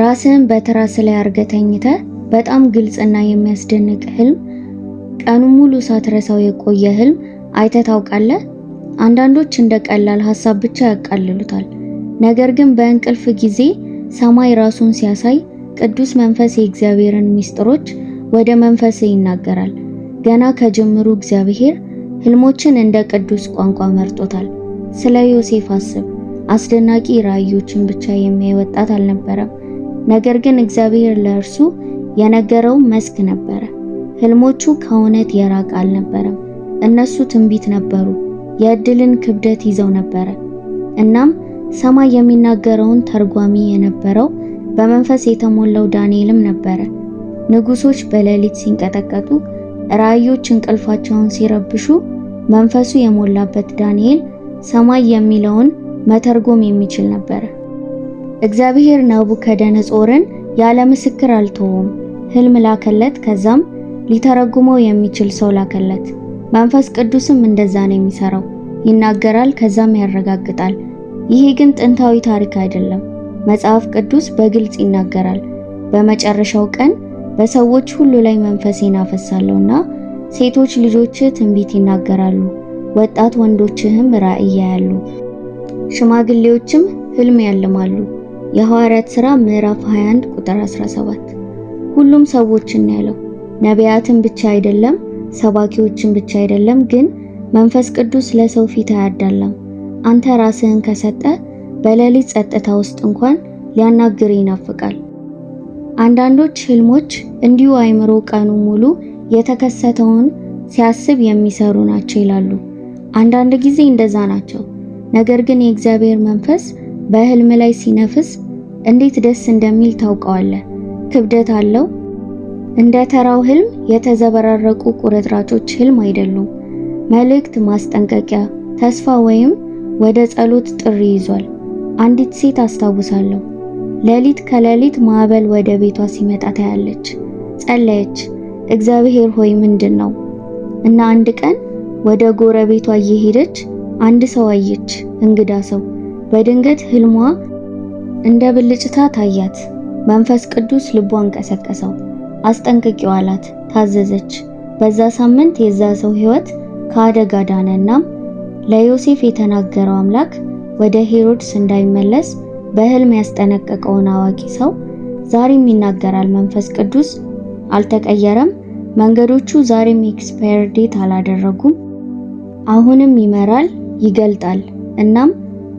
ራስህን በትራስ ላይ አርገ በጣም በጣም ግልጽና የሚያስደንቅ ህልም፣ ቀኑን ሙሉ ሳትረሳው የቆየ ህልም አይተ ታውቃለህ? አንዳንዶች እንደ ቀላል ሀሳብ ብቻ ያቃልሉታል። ነገር ግን በእንቅልፍ ጊዜ ሰማይ ራሱን ሲያሳይ ቅዱስ መንፈስ የእግዚአብሔርን ምስጢሮች ወደ መንፈስ ይናገራል። ገና ከጅምሩ እግዚአብሔር ህልሞችን እንደ ቅዱስ ቋንቋ መርጦታል። ስለ ዮሴፍ አስብ። አስደናቂ ራእዮችን ብቻ የሚያይ ወጣት አልነበረም። ነገር ግን እግዚአብሔር ለእርሱ የነገረው መስክ ነበረ። ህልሞቹ ከእውነት የራቅ አልነበረም። እነሱ ትንቢት ነበሩ፣ የእድልን ክብደት ይዘው ነበረ። እናም ሰማይ የሚናገረውን ተርጓሚ የነበረው በመንፈስ የተሞላው ዳንኤልም ነበረ። ንጉሶች በሌሊት ሲንቀጠቀጡ፣ ራእዮች እንቅልፋቸውን ሲረብሹ፣ መንፈሱ የሞላበት ዳንኤል ሰማይ የሚለውን መተርጎም የሚችል ነበረ። እግዚአብሔር ናቡከደነጾርን ያለ ምስክር አልተወውም። ህልም ላከለት፣ ከዛም ሊተረጉመው የሚችል ሰው ላከለት። መንፈስ ቅዱስም እንደዛ ነው የሚሰራው። ይናገራል፣ ከዛም ያረጋግጣል። ይሄ ግን ጥንታዊ ታሪክ አይደለም። መጽሐፍ ቅዱስ በግልጽ ይናገራል። በመጨረሻው ቀን በሰዎች ሁሉ ላይ መንፈሴን አፈሳለሁና ሴቶች ልጆች ትንቢት ይናገራሉ፣ ወጣት ወንዶችህም ራእይ ያያሉ፣ ሽማግሌዎችም ህልም ያልማሉ። የሐዋርያት ሥራ ምዕራፍ 21 ቁጥር 17 ሁሉም ሰዎችን ያለው ነቢያትን ብቻ አይደለም፣ ሰባኪዎችን ብቻ አይደለም፣ ግን መንፈስ ቅዱስ ለሰው ፊት አያዳላም። አንተ ራስህን ከሰጠ በሌሊት ጸጥታ ውስጥ እንኳን ሊያናግር ይናፍቃል። አንዳንዶች ህልሞች እንዲሁ አይምሮ ቀኑ ሙሉ የተከሰተውን ሲያስብ የሚሰሩ ናቸው ይላሉ። አንዳንድ ጊዜ እንደዛ ናቸው። ነገር ግን የእግዚአብሔር መንፈስ በህልም ላይ ሲነፍስ እንዴት ደስ እንደሚል ታውቀዋለህ። ክብደት አለው። እንደ ተራው ህልም የተዘበራረቁ ቁርጥራጮች ህልም አይደሉም። መልእክት፣ ማስጠንቀቂያ፣ ተስፋ ወይም ወደ ጸሎት ጥሪ ይዟል። አንዲት ሴት አስታውሳለሁ፣ ሌሊት ከሌሊት ማዕበል ወደ ቤቷ ሲመጣ ታያለች። ጸለየች፣ እግዚአብሔር ሆይ ምንድን ነው? እና አንድ ቀን ወደ ጎረቤቷ እየሄደች አንድ ሰው አየች፣ እንግዳ ሰው በድንገት ህልሟ እንደ ብልጭታ ታያት። መንፈስ ቅዱስ ልቧን ቀሰቀሰው። አስጠንቅቂው አላት። ታዘዘች። በዛ ሳምንት የዛ ሰው ህይወት ከአደጋ ዳነ። እናም ለዮሴፍ የተናገረው አምላክ ወደ ሄሮድስ እንዳይመለስ በህልም ያስጠነቀቀውን አዋቂ ሰው ዛሬም ይናገራል። መንፈስ ቅዱስ አልተቀየረም። መንገዶቹ ዛሬም ኤክስፓየር ዴት አላደረጉም። አሁንም ይመራል፣ ይገልጣል። እናም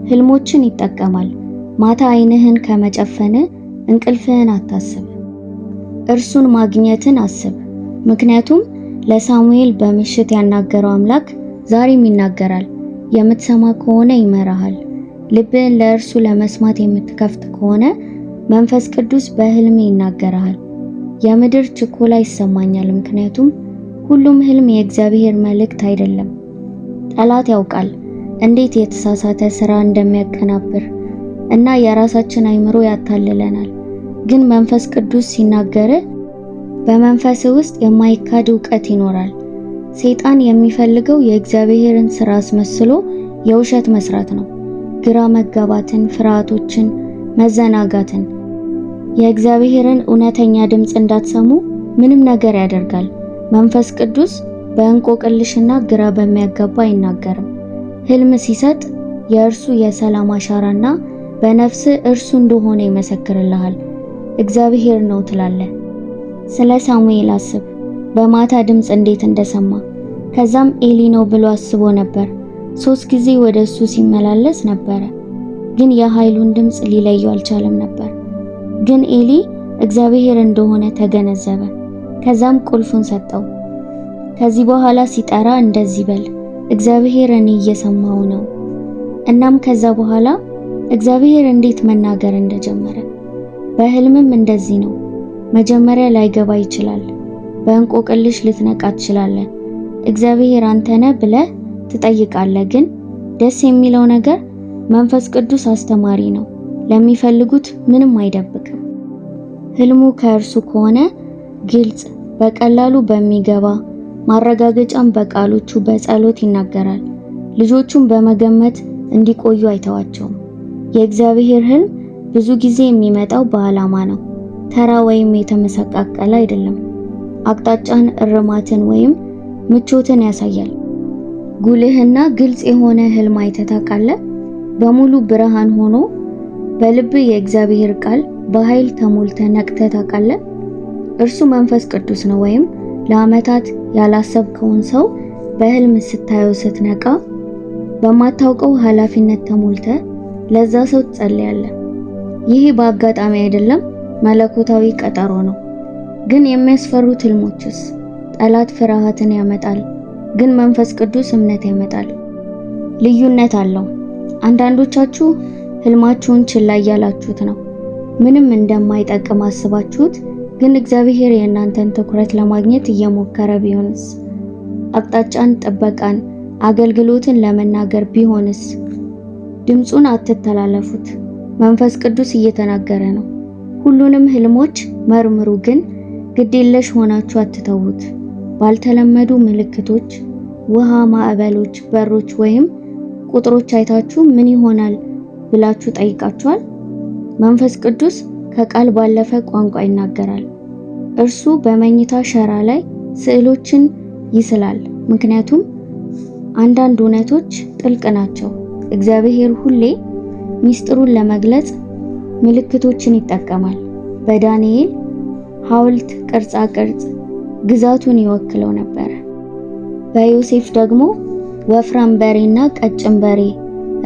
ህልሞችን ይጠቀማል። ማታ አይንህን ከመጨፈን እንቅልፍህን አታስብ፣ እርሱን ማግኘትን አስብ። ምክንያቱም ለሳሙኤል በምሽት ያናገረው አምላክ ዛሬም ይናገራል። የምትሰማ ከሆነ ይመራሃል። ልብህን ለእርሱ ለመስማት የምትከፍት ከሆነ መንፈስ ቅዱስ በህልም ይናገራል። የምድር ችኮላ ይሰማኛል፣ ምክንያቱም ሁሉም ህልም የእግዚአብሔር መልእክት አይደለም። ጠላት ያውቃል እንዴት የተሳሳተ ስራ እንደሚያቀናብር እና የራሳችን አይምሮ ያታልለናል። ግን መንፈስ ቅዱስ ሲናገር በመንፈስ ውስጥ የማይካድ እውቀት ይኖራል። ሰይጣን የሚፈልገው የእግዚአብሔርን ስራ አስመስሎ የውሸት መስራት ነው። ግራ መጋባትን፣ ፍርሃቶችን፣ መዘናጋትን፣ የእግዚአብሔርን እውነተኛ ድምፅ እንዳትሰሙ ምንም ነገር ያደርጋል። መንፈስ ቅዱስ በእንቆቅልሽና ግራ በሚያጋባ አይናገርም። ህልም ሲሰጥ የእርሱ የሰላም አሻራና በነፍስ እርሱ እንደሆነ ይመሰክርልሃል። እግዚአብሔር ነው ትላለ! ስለ ሳሙኤል አስብ፣ በማታ ድምፅ እንዴት እንደሰማ ከዛም ኤሊ ነው ብሎ አስቦ ነበር። ሶስት ጊዜ ወደ እሱ ሲመላለስ ነበረ፣ ግን የኃይሉን ድምፅ ሊለየው አልቻለም ነበር። ግን ኤሊ እግዚአብሔር እንደሆነ ተገነዘበ። ከዛም ቁልፉን ሰጠው። ከዚህ በኋላ ሲጠራ እንደዚህ በል እግዚአብሔር እኔ እየሰማው ነው። እናም ከዛ በኋላ እግዚአብሔር እንዴት መናገር እንደጀመረ በህልምም እንደዚህ ነው። መጀመሪያ ላይገባ ይችላል። በእንቆቅልሽ ልትነቃ ትችላለህ። እግዚአብሔር አንተነ ብለህ ትጠይቃለህ። ግን ደስ የሚለው ነገር መንፈስ ቅዱስ አስተማሪ ነው። ለሚፈልጉት ምንም አይደብቅም። ህልሙ ከእርሱ ከሆነ ግልጽ፣ በቀላሉ በሚገባ ማረጋገጫም በቃሎቹ በጸሎት ይናገራል። ልጆቹም በመገመት እንዲቆዩ አይተዋቸውም። የእግዚአብሔር ህልም ብዙ ጊዜ የሚመጣው በዓላማ ነው። ተራ ወይም የተመሰቃቀለ አይደለም። አቅጣጫን፣ እርማትን ወይም ምቾትን ያሳያል። ጉልህና ግልጽ የሆነ ህልም አይተህ ታውቃለህ? በሙሉ ብርሃን ሆኖ በልብ የእግዚአብሔር ቃል በኃይል ተሞልተ ነቅተህ ታውቃለህ? እርሱ መንፈስ ቅዱስ ነው ወይም ለአመታት ያላሰብከውን ሰው በህልም ስታየው ስትነቃ በማታውቀው ኃላፊነት ተሞልተ ለዛ ሰው ትጸልያለህ። ይህ በአጋጣሚ አይደለም፣ መለኮታዊ ቀጠሮ ነው። ግን የሚያስፈሩት ህልሞችስ? ጠላት ፍርሃትን ያመጣል፣ ግን መንፈስ ቅዱስ እምነት ያመጣል። ልዩነት አለው። አንዳንዶቻችሁ ህልማችሁን ችላ እያላችሁት ነው። ምንም እንደማይጠቅም አስባችሁት ግን እግዚአብሔር የእናንተን ትኩረት ለማግኘት እየሞከረ ቢሆንስ? አቅጣጫን፣ ጥበቃን፣ አገልግሎትን ለመናገር ቢሆንስ? ድምፁን አትተላለፉት። መንፈስ ቅዱስ እየተናገረ ነው። ሁሉንም ህልሞች መርምሩ፣ ግን ግዴለሽ ሆናችሁ አትተውት? ባልተለመዱ ምልክቶች፣ ውሃ፣ ማዕበሎች፣ በሮች ወይም ቁጥሮች አይታችሁ ምን ይሆናል ብላችሁ ጠይቃችኋል? መንፈስ ቅዱስ ከቃል ባለፈ ቋንቋ ይናገራል። እርሱ በመኝታ ሸራ ላይ ስዕሎችን ይስላል፣ ምክንያቱም አንዳንድ እውነቶች ጥልቅ ናቸው። እግዚአብሔር ሁሌ ሚስጥሩን ለመግለጽ ምልክቶችን ይጠቀማል። በዳንኤል ሐውልት ቅርጻ ቅርጽ ግዛቱን ይወክለው ነበር። በዮሴፍ ደግሞ ወፍራም በሬና ቀጭን በሬ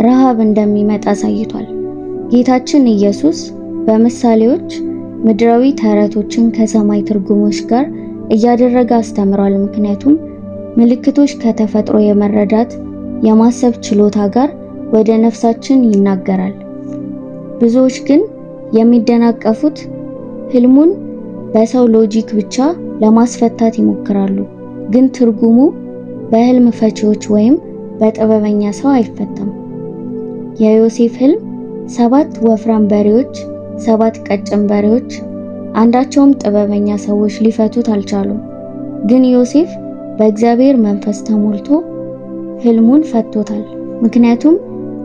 ረሃብ እንደሚመጣ አሳይቷል። ጌታችን ኢየሱስ በምሳሌዎች ምድራዊ ተረቶችን ከሰማይ ትርጉሞች ጋር እያደረገ አስተምሯል። ምክንያቱም ምልክቶች ከተፈጥሮ የመረዳት የማሰብ ችሎታ ጋር ወደ ነፍሳችን ይናገራል። ብዙዎች ግን የሚደናቀፉት ህልሙን በሰው ሎጂክ ብቻ ለማስፈታት ይሞክራሉ። ግን ትርጉሙ በህልም ፈቺዎች ወይም በጥበበኛ ሰው አይፈታም። የዮሴፍ ህልም ሰባት ወፍራም በሬዎች ሰባት ቀጭን በሬዎች፣ አንዳቸውም ጥበበኛ ሰዎች ሊፈቱት አልቻሉም። ግን ዮሴፍ በእግዚአብሔር መንፈስ ተሞልቶ ህልሙን ፈቶታል። ምክንያቱም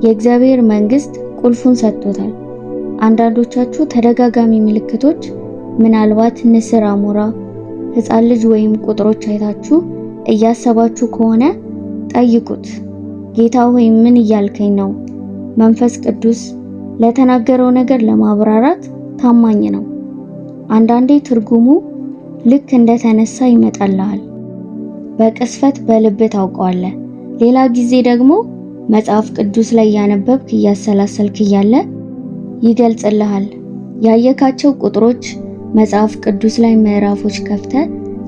የእግዚአብሔር መንግስት ቁልፉን ሰጥቶታል። አንዳንዶቻችሁ ተደጋጋሚ ምልክቶች፣ ምናልባት ንስር፣ አሞራ፣ ህፃን ልጅ ወይም ቁጥሮች አይታችሁ እያሰባችሁ ከሆነ ጠይቁት። ጌታ ሆይ ምን እያልከኝ ነው? መንፈስ ቅዱስ ለተናገረው ነገር ለማብራራት ታማኝ ነው። አንዳንዴ ትርጉሙ ልክ እንደተነሳ ይመጣልሃል። በቅስፈት በልብ ታውቀዋለህ። ሌላ ጊዜ ደግሞ መጽሐፍ ቅዱስ ላይ ያነበብክ እያሰላሰልክ እያለ ይገልጽልሃል። ያየካቸው ቁጥሮች መጽሐፍ ቅዱስ ላይ ምዕራፎች ከፍተ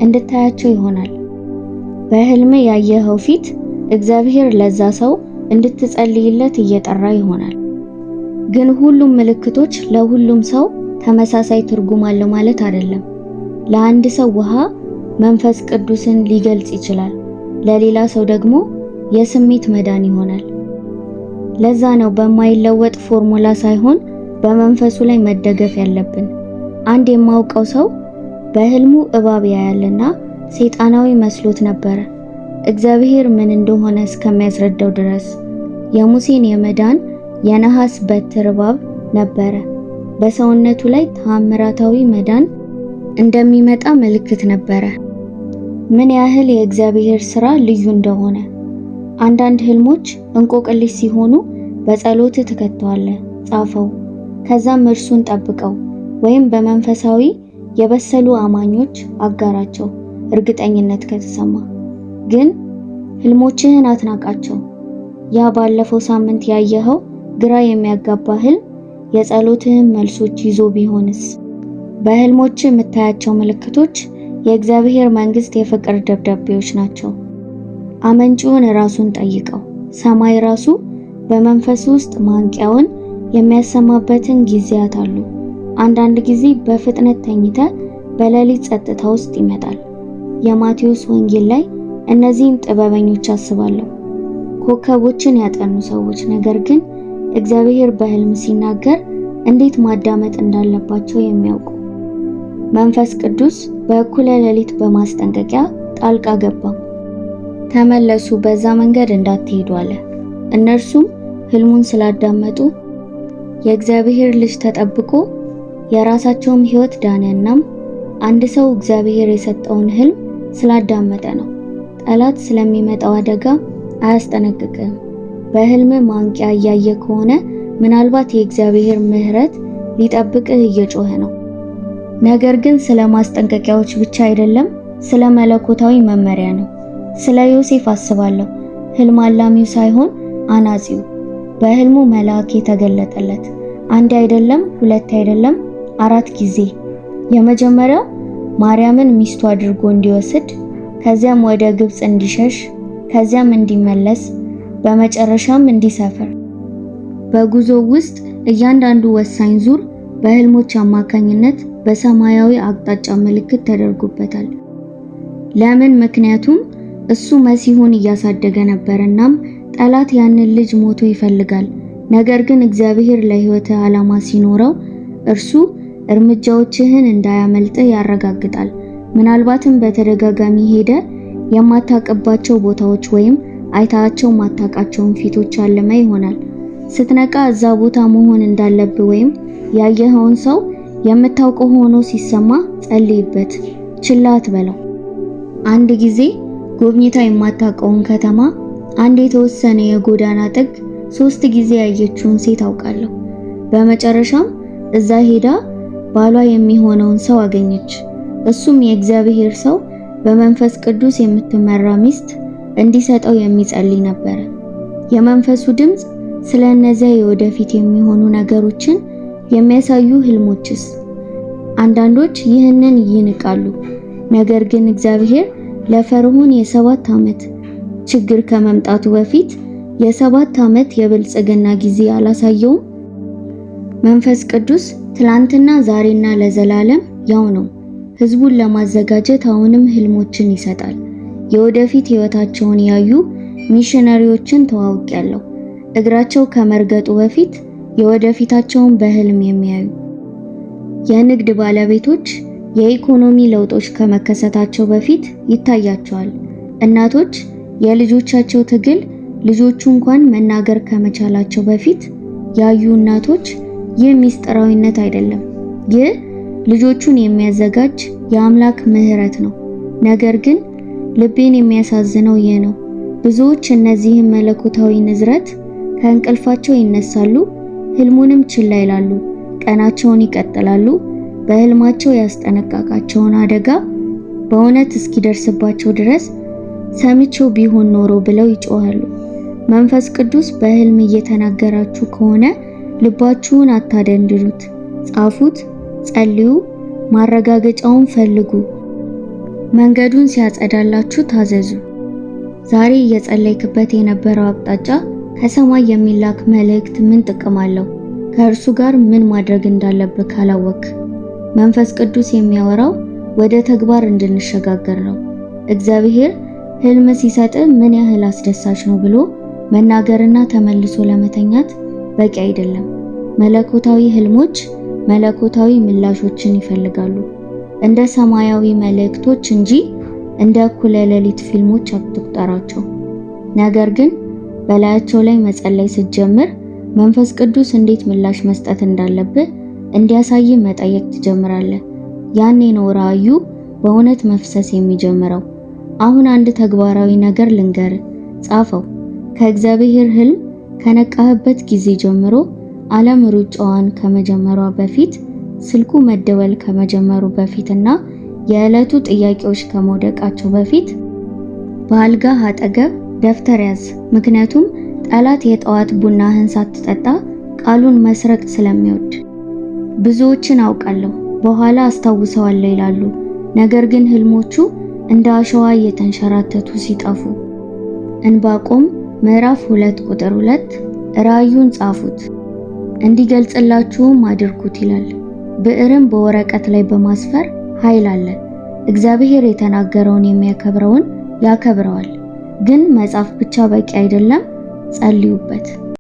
እንድታያቸው ይሆናል። በህልም ያየኸው ፊት እግዚአብሔር ለዛ ሰው እንድትጸልይለት እየጠራ ይሆናል። ግን ሁሉም ምልክቶች ለሁሉም ሰው ተመሳሳይ ትርጉም አለው ማለት አይደለም። ለአንድ ሰው ውሃ መንፈስ ቅዱስን ሊገልጽ ይችላል፣ ለሌላ ሰው ደግሞ የስሜት መዳን ይሆናል። ለዛ ነው በማይለወጥ ፎርሙላ ሳይሆን በመንፈሱ ላይ መደገፍ ያለብን። አንድ የማውቀው ሰው በህልሙ እባብ ያያልና ሰይጣናዊ መስሎት ነበረ እግዚአብሔር ምን እንደሆነ እስከሚያስረዳው ድረስ የሙሴን የመዳን የነሐስ በትር እባብ ነበረ። በሰውነቱ ላይ ተአምራታዊ መዳን እንደሚመጣ ምልክት ነበረ። ምን ያህል የእግዚአብሔር ሥራ ልዩ እንደሆነ አንዳንድ ህልሞች እንቆቅልሽ ሲሆኑ በጸሎት ተከተዋለ ጻፈው፣ ከዛም እርሱን ጠብቀው ወይም በመንፈሳዊ የበሰሉ አማኞች አጋራቸው። እርግጠኝነት ከተሰማ ግን ህልሞችህን አትናቃቸው። ያ ባለፈው ሳምንት ያየኸው ግራ የሚያጋባ ህልም የጸሎትህን መልሶች ይዞ ቢሆንስ? በህልሞች የምታያቸው ምልክቶች የእግዚአብሔር መንግስት የፍቅር ደብዳቤዎች ናቸው። አመንጪውን ራሱን ጠይቀው። ሰማይ ራሱ በመንፈስ ውስጥ ማንቂያውን የሚያሰማበትን ጊዜያት አሉ። አንዳንድ ጊዜ በፍጥነት ተኝተ በሌሊት ጸጥታ ውስጥ ይመጣል። የማቴዎስ ወንጌል ላይ እነዚህን ጥበበኞች አስባለሁ። ኮከቦችን ያጠኑ ሰዎች ነገር ግን እግዚአብሔር በህልም ሲናገር እንዴት ማዳመጥ እንዳለባቸው የሚያውቁ። መንፈስ ቅዱስ በእኩለ ሌሊት በማስጠንቀቂያ ጣልቃ ገባ። ተመለሱ፣ በዛ መንገድ እንዳትሄዱ አለ። እነርሱም ህልሙን ስላዳመጡ የእግዚአብሔር ልጅ ተጠብቆ የራሳቸውም ህይወት ዳነ። እናም አንድ ሰው እግዚአብሔር የሰጠውን ህልም ስላዳመጠ ነው። ጠላት ስለሚመጣው አደጋ አያስጠነቅቅም። በህልም ማንቂያ እያየ ከሆነ ምናልባት የእግዚአብሔር ምሕረት ሊጠብቅህ እየጮኸ ነው። ነገር ግን ስለ ማስጠንቀቂያዎች ብቻ አይደለም፣ ስለ መለኮታዊ መመሪያ ነው። ስለ ዮሴፍ አስባለሁ፣ ህልም አላሚው ሳይሆን አናጺው። በህልሙ መልአክ የተገለጠለት አንድ አይደለም፣ ሁለት አይደለም፣ አራት ጊዜ። የመጀመሪያው ማርያምን ሚስቱ አድርጎ እንዲወስድ፣ ከዚያም ወደ ግብጽ እንዲሸሽ፣ ከዚያም እንዲመለስ በመጨረሻም እንዲሰፍር። በጉዞ ውስጥ እያንዳንዱ ወሳኝ ዙር በህልሞች አማካኝነት በሰማያዊ አቅጣጫ ምልክት ተደርጎበታል። ለምን? ምክንያቱም እሱ መሲሁን እያሳደገ ነበር። እናም ጠላት ያንን ልጅ ሞቶ ይፈልጋል። ነገር ግን እግዚአብሔር ለህይወት ዓላማ ሲኖረው እርሱ እርምጃዎችህን እንዳያመልጥ ያረጋግጣል። ምናልባትም በተደጋጋሚ ሄደ የማታውቅባቸው ቦታዎች ወይም አይታቸው ማታቃቸውን ፊቶች አልመ ይሆናል። ስትነቃ እዛ ቦታ መሆን እንዳለብ ወይም ያየኸውን ሰው የምታውቀው ሆኖ ሲሰማ ጸልይበት፣ ችላ አትበለው። አንድ ጊዜ ጎብኝታ የማታውቀውን ከተማ አንድ የተወሰነ የጎዳና ጥግ ሶስት ጊዜ ያየችውን ሴት አውቃለሁ። በመጨረሻም እዛ ሄዳ ባሏ የሚሆነውን ሰው አገኘች። እሱም የእግዚአብሔር ሰው በመንፈስ ቅዱስ የምትመራ ሚስት እንዲሰጠው የሚጸልይ ነበር የመንፈሱ ድምፅ ስለ እነዚያ የወደፊት የሚሆኑ ነገሮችን የሚያሳዩ ህልሞችስ? አንዳንዶች ይህንን ይንቃሉ። ነገር ግን እግዚአብሔር ለፈርዖን የሰባት ዓመት ችግር ከመምጣቱ በፊት የሰባት ዓመት የብልጽግና ጊዜ አላሳየውም? መንፈስ ቅዱስ ትላንትና፣ ዛሬና ለዘላለም ያው ነው። ህዝቡን ለማዘጋጀት አሁንም ህልሞችን ይሰጣል። የወደፊት ህይወታቸውን ያዩ ሚሽነሪዎችን ተዋውቂያለሁ። እግራቸው ከመርገጡ በፊት የወደፊታቸውን በህልም የሚያዩ የንግድ ባለቤቶች የኢኮኖሚ ለውጦች ከመከሰታቸው በፊት ይታያቸዋል። እናቶች የልጆቻቸው ትግል ልጆቹ እንኳን መናገር ከመቻላቸው በፊት ያዩ እናቶች። ይህ ሚስጥራዊነት አይደለም። ይህ ልጆቹን የሚያዘጋጅ የአምላክ ምህረት ነው። ነገር ግን ልቤን የሚያሳዝነው ይህ ነው። ብዙዎች እነዚህን መለኮታዊ ንዝረት ከእንቅልፋቸው ይነሳሉ፣ ህልሙንም ችላ ይላሉ፣ ቀናቸውን ይቀጥላሉ። በህልማቸው ያስጠነቀቃቸውን አደጋ በእውነት እስኪደርስባቸው ድረስ ሰምቼው ቢሆን ኖሮ ብለው ይጮሃሉ። መንፈስ ቅዱስ በህልም እየተናገራችሁ ከሆነ ልባችሁን አታደንድዱት ጻፉት፣ ጸልዩ፣ ማረጋገጫውን ፈልጉ። መንገዱን ሲያጸዳላችሁ ታዘዙ። ዛሬ እየጸለይክበት የነበረው አቅጣጫ ከሰማይ የሚላክ መልእክት ምን ጥቅም አለው? ከእርሱ ጋር ምን ማድረግ እንዳለብህ ካላወቅ መንፈስ ቅዱስ የሚያወራው ወደ ተግባር እንድንሸጋገር ነው። እግዚአብሔር ህልም ሲሰጥ ምን ያህል አስደሳች ነው ብሎ መናገርና ተመልሶ ለመተኛት በቂ አይደለም። መለኮታዊ ህልሞች መለኮታዊ ምላሾችን ይፈልጋሉ። እንደ ሰማያዊ መልእክቶች እንጂ እንደ እኩለ ሌሊት ፊልሞች አትቁጠራቸው። ነገር ግን በላያቸው ላይ መጸለይ ስትጀምር መንፈስ ቅዱስ እንዴት ምላሽ መስጠት እንዳለብህ እንዲያሳይ መጠየቅ ትጀምራለህ። ያኔ ነው ራዩ በእውነት መፍሰስ የሚጀምረው። አሁን አንድ ተግባራዊ ነገር ልንገር፣ ጻፈው። ከእግዚአብሔር ህልም ከነቃህበት ጊዜ ጀምሮ ዓለም ሩጫዋን ከመጀመሯ በፊት ስልኩ መደወል ከመጀመሩ በፊትና የዕለቱ ጥያቄዎች ከመውደቃቸው በፊት በአልጋህ አጠገብ ደብተር ያዝ፣ ምክንያቱም ጠላት የጠዋት ቡናህን ሳትጠጣ ቃሉን መስረቅ ስለሚወድ። ብዙዎችን አውቃለሁ በኋላ አስታውሰዋለሁ ይላሉ፣ ነገር ግን ህልሞቹ እንደ አሸዋ እየተንሸራተቱ ሲጠፉ። እንባቆም ምዕራፍ 2 ቁጥር 2 ራዩን ጻፉት እንዲገልጽላችሁም አድርጉት ይላል። ብዕርን በወረቀት ላይ በማስፈር ኃይል አለ። እግዚአብሔር የተናገረውን የሚያከብረውን ያከብረዋል። ግን መጻፍ ብቻ በቂ አይደለም፣ ጸልዩበት።